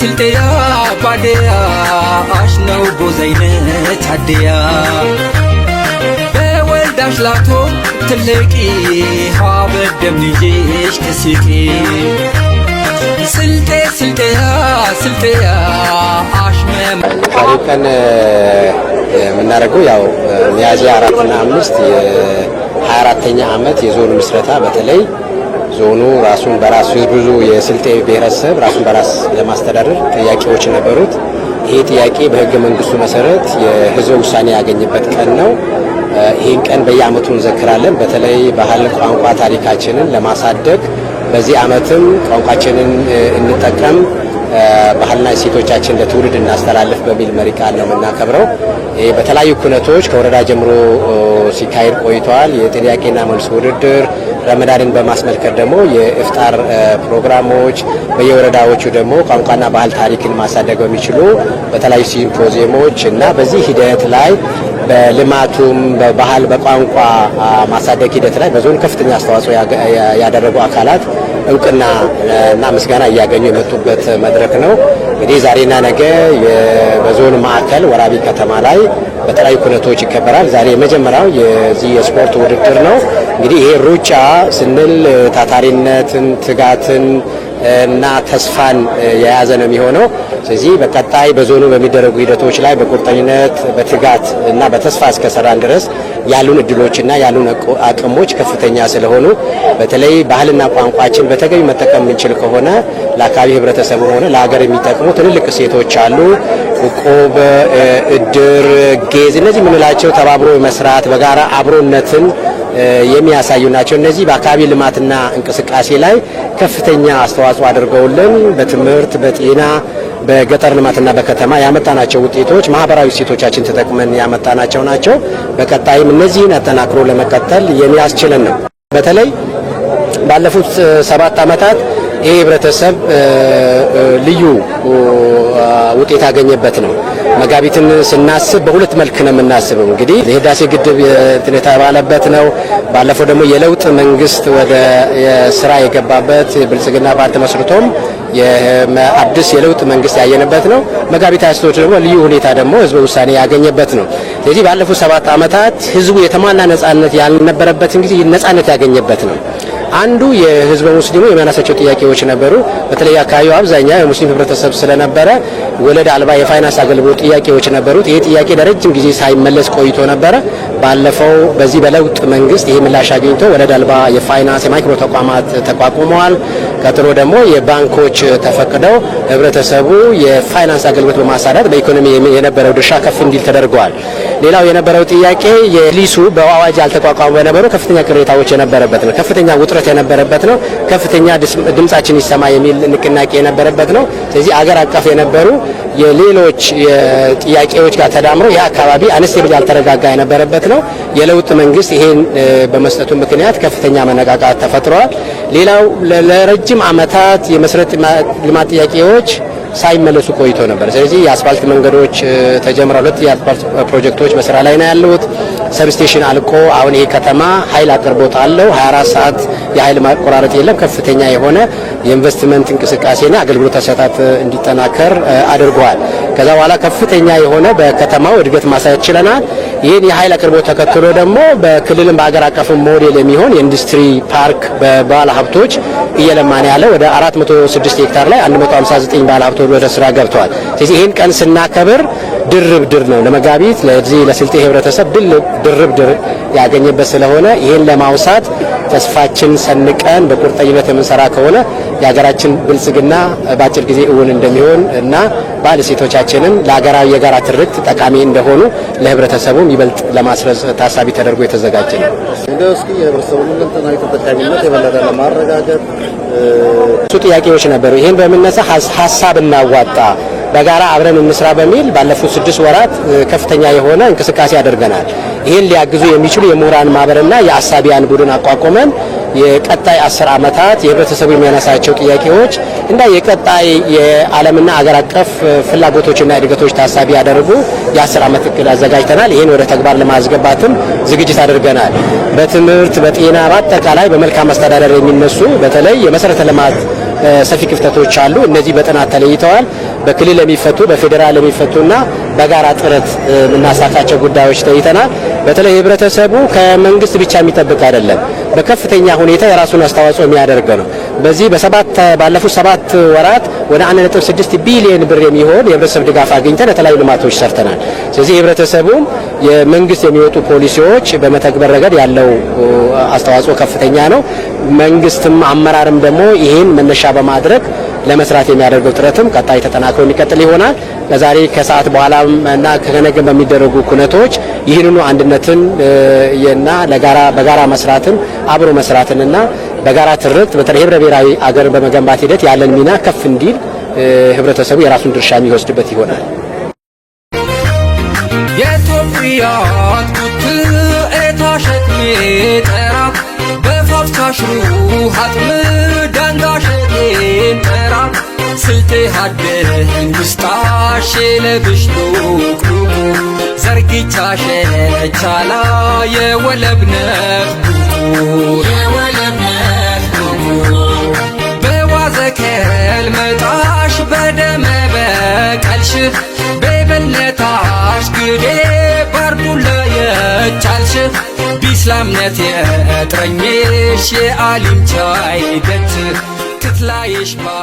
ስልጤያ ባደያ አሽነው ጎዘይነት አደያ በወልድ አሽላቶ ትልቂ ሀበደም ልጄሽ ተስቂ ስልጤ ስልጤያ ስልጤያ አሽመ ዛሬ ቀን የምናደርገው ያው ሚያዝያ አራትና አምስት የሀያ አራተኛ ዓመት የዞን ምስረታ በተለይ ዞኑ ራሱን በራሱ ብዙ የስልጤ ብሔረሰብ ራሱን በራስ ለማስተዳደር ጥያቄዎች ነበሩት። ይሄ ጥያቄ በህገ መንግስቱ መሰረት የህዝበ ውሳኔ ያገኝበት ቀን ነው። ይህን ቀን በየአመቱ እንዘክራለን። በተለይ ባህል፣ ቋንቋ ታሪካችንን ለማሳደግ በዚህ አመትም ቋንቋችንን እንጠቀም ባህልና እሴቶቻችን ለትውልድ እናስተላልፍ በሚል መሪ ቃል ነው የምናከብረው። በተለያዩ ኩነቶች ከወረዳ ጀምሮ ሲካሄድ ቆይተዋል። የጥያቄና መልስ ውድድር፣ ረመዳንን በማስመልከት ደግሞ የእፍጣር ፕሮግራሞች፣ በየወረዳዎቹ ደግሞ ቋንቋና ባህል ታሪክን ማሳደግ በሚችሉ በተለያዩ ሲምፖዚየሞች እና በዚህ ሂደት ላይ በልማቱም በባህል በቋንቋ ማሳደግ ሂደት ላይ በዞን ከፍተኛ አስተዋጽኦ ያደረጉ አካላት እውቅና እና ምስጋና እያገኙ የመጡበት መድረክ ነው። እንግዲህ ዛሬና ነገ በዞን ማዕከል ወራቢ ከተማ ላይ በተለያዩ ኩነቶች ይከበራል። ዛሬ የመጀመሪያው የዚህ የስፖርት ውድድር ነው። እንግዲህ ይሄ ሩጫ ስንል ታታሪነትን፣ ትጋትን እና ተስፋን የያዘ ነው የሚሆነው። ስለዚህ በቀጣይ በዞኑ በሚደረጉ ሂደቶች ላይ በቁርጠኝነት በትጋት እና በተስፋ እስከሰራን ድረስ ያሉን እድሎችና ያሉን አቅሞች ከፍተኛ ስለሆኑ በተለይ ባህልና ቋንቋችን በተገቢ መጠቀም የምንችል ከሆነ ለአካባቢ ህብረተሰቡ ሆነ ለሀገር የሚጠቅሙ ትልልቅ ሴቶች አሉ። እቁብ፣ እድር፣ ጌዝ እነዚህ የምንላቸው ተባብሮ መስራት በጋራ አብሮነትን የሚያሳዩ ናቸው። እነዚህ በአካባቢ ልማትና እንቅስቃሴ ላይ ከፍተኛ አስተዋጽኦ አድርገውልን በትምህርት፣ በጤና፣ በገጠር ልማትና በከተማ ያመጣናቸው ውጤቶች ማህበራዊ እሴቶቻችን ተጠቅመን ያመጣናቸው ናቸው። በቀጣይም እነዚህን አጠናክሮ ለመቀጠል የሚያስችለን ነው። በተለይ ባለፉት ሰባት ዓመታት ይህ ህብረተሰብ ልዩ ውጤት ያገኘበት ነው። መጋቢትን ስናስብ በሁለት መልክ ነው የምናስበው። እንግዲህ የህዳሴ ግድብ የተባለበት ነው። ባለፈው ደግሞ የለውጥ መንግስት ወደ ስራ የገባበት ብልጽግና ፓርቲ መስርቶም አዲስ የለውጥ መንግስት ያየንበት ነው። መጋቢት አስቶች ደግሞ ልዩ ሁኔታ ደግሞ ህዝበ ውሳኔ ያገኘበት ነው። ስለዚህ ባለፉት ሰባት ዓመታት ህዝቡ የተሟላ ነጻነት ያልነበረበትን ጊዜ ነጻነት ያገኘበት ነው። አንዱ የህዝበ ሙስሊሙ የሚያነሳቸው ጥያቄዎች ነበሩ። በተለይ አካባቢው አብዛኛው የሙስሊም ህብረተሰብ ስለነበረ ወለድ አልባ የፋይናንስ አገልግሎት ጥያቄዎች ነበሩት። ይህ ጥያቄ ለረጅም ጊዜ ሳይመለስ ቆይቶ ነበረ። ባለፈው በዚህ በለውጥ መንግስት ይሄ ምላሽ አግኝቶ ወለድ አልባ የፋይናንስ የማይክሮ ተቋማት ተቋቁመዋል። ቀጥሎ ደግሞ የባንኮች ተፈቅደው ህብረተሰቡ የፋይናንስ አገልግሎት በማሳዳት በኢኮኖሚ የነበረው ድርሻ ከፍ እንዲል ተደርገዋል። ሌላው የነበረው ጥያቄ የሊሱ በአዋጅ አልተቋቋመ በነበሩ ከፍተኛ ቅሬታዎች የነበረበት ነው። ከፍተኛ ውጥረት የነበረበት ነው። ከፍተኛ ድምጻችን ይሰማ የሚል ንቅናቄ የነበረበት ነው። ስለዚህ አገር አቀፍ የነበሩ የሌሎች ጥያቄዎች ጋር ተዳምሮ የአካባቢ አነስቴ ያልተረጋጋ የነበረበት ነው። የለውጥ መንግስት ይሄን በመስጠቱ ምክንያት ከፍተኛ መነቃቃት ተፈጥሯል። ሌላው ለረጅም አመታት የመሰረተ ልማት ጥያቄዎች ሳይመለሱ ቆይቶ ነበር። ስለዚህ የአስፋልት መንገዶች ተጀምረው ሁለት የአስፋልት ፕሮጀክቶች በስራ ላይ ነው ያሉት። ሰብስቴሽን አልቆ አሁን ይሄ ከተማ ኃይል አቅርቦት አለው። 24 ሰዓት የኃይል ማቆራረጥ የለም። ከፍተኛ የሆነ የኢንቨስትመንት እንቅስቃሴና አገልግሎት አሰጣጥ እንዲጠናከር አድርጓል። ከዛ በኋላ ከፍተኛ የሆነ በከተማው እድገት ማሳየት ችለናል። ይህን የኃይል አቅርቦት ተከትሎ ደግሞ በክልልም በሀገር አቀፍ ሞዴል የሚሆን የኢንዱስትሪ ፓርክ በባለ ሀብቶች እየለማን ያለ ወደ 406 ሄክታር ላይ 159 ባለ ሀብቶች ወደ ስራ ገብተዋል። ስለዚህ ይህን ቀን ስናከብር ድርብ ድር ነው ለመጋቢት ለዚህ ለስልጤ ህብረተሰብ ድል ድርብ ድር ያገኘበት ስለሆነ ይህን ለማውሳት ተስፋችን ሰንቀን በቁርጠኝነት የምንሰራ ከሆነ የሀገራችን ብልጽግና በአጭር ጊዜ እውን እንደሚሆን እና ባለሴቶቻችን ሁላችንም ለሀገራዊ የጋራ ትርክት ጠቃሚ እንደሆኑ ለህብረተሰቡም ይበልጥ ለማስረጽ ታሳቢ ተደርጎ የተዘጋጀ ነው። እንደው የህብረተሰቡን ሁለንተናዊ ተጠቃሚነት የበለጠ ለማረጋገጥ እሱ ጥያቄዎች ነበሩ። ይህን በምነሳ ሀሳብ እናዋጣ በጋራ አብረን እንስራ በሚል ባለፉት ስድስት ወራት ከፍተኛ የሆነ እንቅስቃሴ አድርገናል። ይህን ሊያግዙ የሚችሉ የምሁራን ማህበርና የአሳቢያን ቡድን አቋቁመን የቀጣይ አስር ዓመታት የህብረተሰቡ የሚያነሳቸው ጥያቄዎች እና የቀጣይ የዓለምና አገር አቀፍ ፍላጎቶችና እድገቶች ታሳቢ ያደረጉ የአስር ዓመት እቅድ አዘጋጅተናል። ይህን ወደ ተግባር ለማስገባትም ዝግጅት አድርገናል። በትምህርት፣ በጤና፣ በአጠቃላይ በመልካም አስተዳደር የሚነሱ በተለይ የመሰረተ ልማት ሰፊ ክፍተቶች አሉ። እነዚህ በጥናት ተለይተዋል። በክልል የሚፈቱ በፌዴራል የሚፈቱና በጋራ ጥረት የምናሳካቸው ጉዳዮች ተይተናል። በተለይ ህብረተሰቡ ከመንግስት ብቻ የሚጠብቅ አይደለም። በከፍተኛ ሁኔታ የራሱን አስተዋጽኦ የሚያደርግ ነው። በዚህ በሰባት ባለፉት ሰባት ወራት ወደ 1.6 ቢሊዮን ብር የሚሆን የህብረተሰብ ድጋፍ አግኝተን የተለያዩ ልማቶች ሰርተናል። ስለዚህ የህብረተሰቡም የመንግስት የሚወጡ ፖሊሲዎች በመተግበር ረገድ ያለው አስተዋጽኦ ከፍተኛ ነው። መንግስትም አመራርም ደግሞ ይህን መነሻ በማድረግ ለመስራት የሚያደርገው ጥረትም ቀጣይ ተጠናክሮ የሚቀጥል ይሆናል። ለዛሬ ከሰዓት በኋላ እና ከነገ በሚደረጉ ኩነቶች ይህንኑ አንድነትን እና ለጋራ በጋራ መስራትን አብሮ መስራትንና በጋራ ትርት በተለይ ህብረ ብሔራዊ አገር በመገንባት ሂደት ያለን ሚና ከፍ እንዲል ህብረተሰቡ የራሱን ድርሻ የሚወስድበት ይሆናል። ስልጤ ሀገር ሻሼን ብሽጡቅ ዘርግቻ ሸነቻላ የወለብነፍ በዋዘ ከል መጣሽ በደመ በቀልሽ ቤብነታሽ ግዴ ባርዱላ የቻልሽ ቢስላምነት የጥረኝሽ የአሊም ቻይደት ትትላይሽ ባ